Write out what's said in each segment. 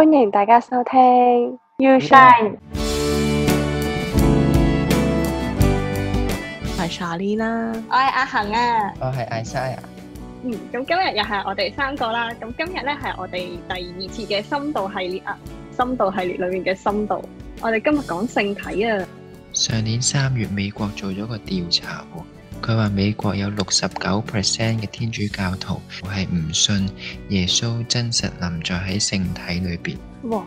歡迎大家收聽。You Shine。我係 Charlene 啦。我係阿恒啊。我係阿 Shaya。嗯，咁今日又係我哋三個啦。咁今日咧係我哋第二次嘅深度系列啊，深度系列裏面嘅深度。我哋今日講性體啊。上年三月美國做咗個調查。佢話美國有六十九 percent 嘅天主教徒係唔信耶穌真實臨在喺聖體裏邊，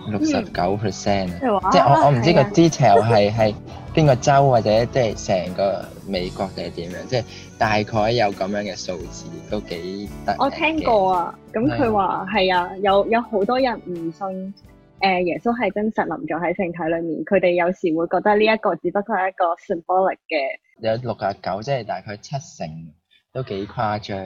六十九 percent 即係我、啊、我唔知個 detail 係係邊個州或者即係成個美國定係點樣，即係大概有咁樣嘅數字都幾得。我聽過啊，咁佢話係啊，有有好多人唔信。誒耶穌係真實臨在喺聖體裏面，佢哋有時會覺得呢一個只不過係一個 symbolic 嘅。有六十九，即係大概七成，都幾誇張。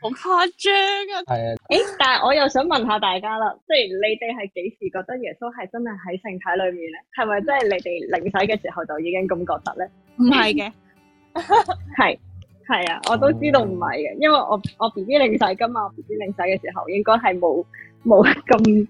好誇張啊！係啊的，誒、欸，但係我又想問下大家啦，即係你哋係幾時覺得耶穌係真係喺聖體裏面咧？係咪真係你哋領洗嘅時候就已經咁覺得咧？唔係嘅，係係啊，我都知道唔係嘅，因為我我 B B 領洗，今日我 B B 領洗嘅時候應該係冇冇咁。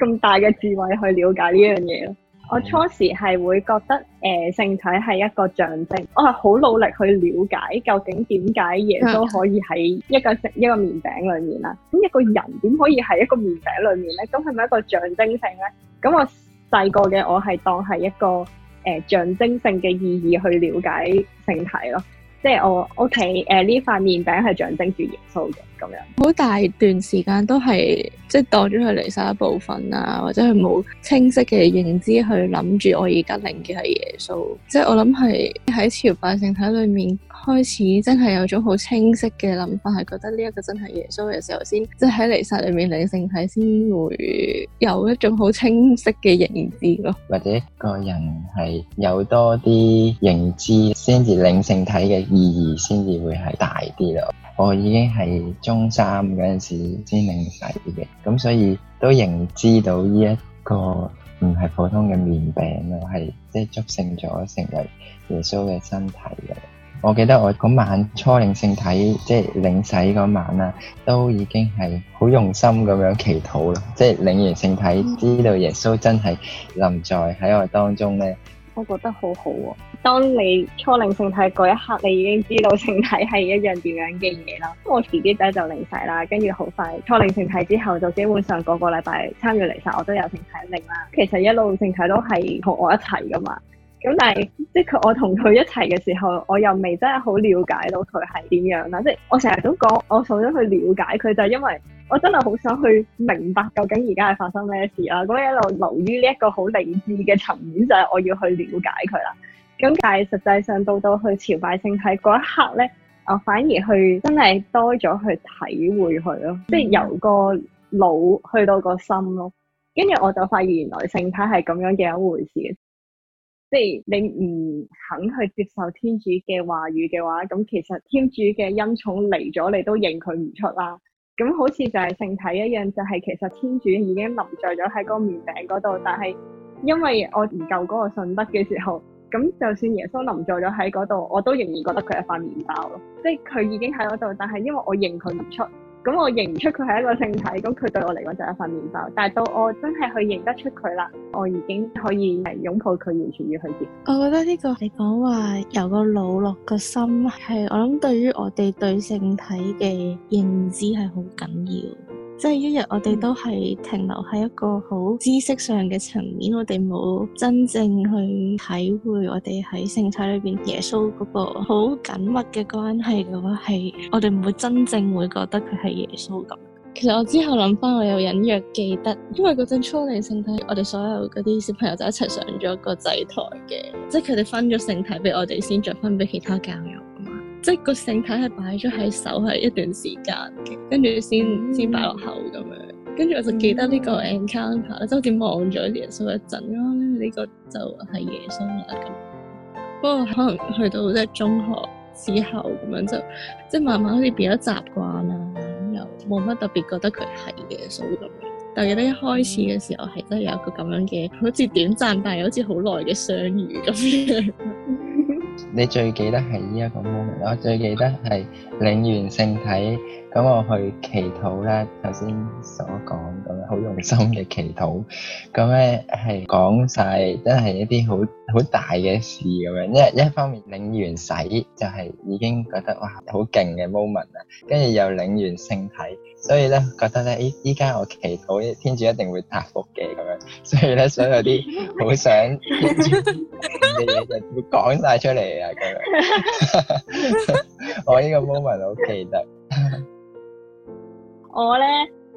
咁大嘅智慧去了解呢樣嘢咯。我初時係會覺得，誒、呃，聖體係一個象徵。我係好努力去了解，究竟點解耶穌可以喺一個食一個麵餅裏面啦。咁一個人點可以喺一個麵餅裏面咧？咁係咪一個象徵性咧？咁我細個嘅我係當係一個誒、呃、象徵性嘅意義去了解聖體咯。即係我屋企誒，呢塊麵餅係象徵住耶穌嘅咁樣，好大段時間都係即係當咗佢嚟晒一部分啊，或者佢冇清晰嘅認知去諗住我而家靈嘅係耶穌，即係我諗係喺朝拜聖體裏面。開始真係有種好清晰嘅諗法，係覺得呢一個真係耶穌嘅時候，先即係喺彌撒裏面領聖體，先會有一種好清晰嘅認知咯。或者一個人係有多啲認知，先至領聖體嘅意義，先至會係大啲咯。我已經係中三嗰陣時先領洗嘅，咁所以都認知到呢一個唔係普通嘅麵餅啊，係即係促成咗成為耶穌嘅身體。我記得我嗰晚初領聖體，即係領洗嗰晚啊，都已經係好用心咁樣祈禱啦。即係領完聖體，知道耶穌真係臨在喺我當中咧。我覺得好好啊！當你初領聖體嗰一刻，你已經知道聖體係一樣點樣嘅嘢啦。 我自己仔就領洗啦，跟住好快初領聖體之後，就基本上個個禮拜參與彌撒，我都有聖體領啦。其實一路聖體都係同我一齊噶嘛。咁但係即係佢，我同佢一齊嘅時候，我又未真係好了解到佢係點樣啦。即係我成日都講，我想去了解佢，就係因為我真係好想去明白究竟而家係發生咩事啦。咁一路留於呢一個好理智嘅層面，就係我要去了解佢啦。咁但係實際上到到去朝拜聖體嗰一刻咧，我反而去真係多咗去體會佢咯。即係由個腦去到個心咯，跟住我就發現原來聖體係咁樣嘅一回事。即係你唔肯去接受天主嘅話語嘅話，咁其實天主嘅恩寵嚟咗，你都認佢唔出啦。咁好似就係聖體一樣，就係其實天主已經臨在咗喺嗰麵餅嗰度，但係因為我唔夠嗰個信德嘅時候，咁就算耶穌臨在咗喺嗰度，我都仍然覺得佢係塊麵包咯。即係佢已經喺嗰度，但係因為我認佢唔出。咁我認唔出佢係一個性體，咁佢對我嚟講就係一塊麵包。但係到我真係去認得出佢啦，我已經可以係擁抱佢，完全要去。見。我覺得呢個你講話由個腦落個心係，我諗對於我哋對性體嘅認知係好緊要。即係一日，我哋都係停留喺一個好知識上嘅層面，我哋冇真正去體會我哋喺聖體裏邊耶穌嗰個好緊密嘅關係嘅話，係我哋唔會真正會覺得佢係耶穌咁。其實我之後諗翻，我有隱約記得，因為嗰陣初嚟聖體，我哋所有嗰啲小朋友就一齊上咗個祭台嘅，即係佢哋分咗聖體俾我哋先，再分俾其他教友。即係個聖體係擺咗喺手係一段時間嘅，跟住先先擺落口咁樣，跟住、嗯、我就記得呢個 encounter、嗯、就好似望咗耶穌一陣咯，呢、呢個就係耶穌啦。不過可能去到即係中學之後咁樣就，即係慢慢好似變咗習慣啦，又冇乜特別覺得佢係耶穌咁樣。但係記得一開始嘅時候係真係有個咁樣嘅，好似短暫但係好似好耐嘅相遇咁樣。 你最記得係依一個 moment，我最記得係領完聖體，咁我去祈禱咧，頭先所講咁樣好用心嘅祈禱，咁咧係講晒，真係一啲好好大嘅事咁樣，因為一方面領完洗就係已經覺得哇好勁嘅 moment 啊，跟住又領完聖體，所以咧覺得咧依依家我祈禱，天主一定會答覆嘅咁樣，所以咧所有啲好想 嘅嘢就要講晒出嚟啊！我呢個 moment 好記得。我咧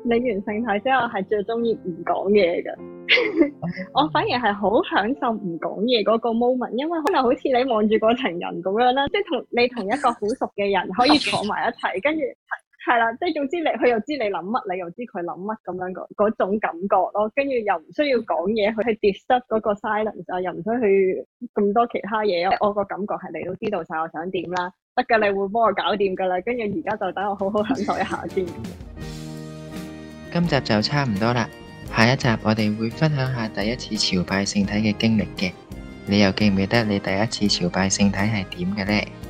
你完狀態之後係最中意唔講嘢噶。我反而係好享受唔講嘢嗰個 moment，因為可能好似你望住嗰情人咁樣啦，即係同你同一個好熟嘅人可以坐埋一齊， 跟住。係啦，即係總之你佢又知你諗乜，你又知佢諗乜咁樣嗰嗰種感覺咯。跟住又唔需要講嘢佢去 discuss 嗰個 silence 啊，又唔需要去咁多其他嘢。我個感覺係你都知道晒，我想點啦，得㗎，你會幫我搞掂噶啦。跟住而家就等我好好享受一下先。今集就差唔多啦，下一集我哋會分享下第一次朝拜聖體嘅經歷嘅。你又記唔記得你第一次朝拜聖體係點嘅呢？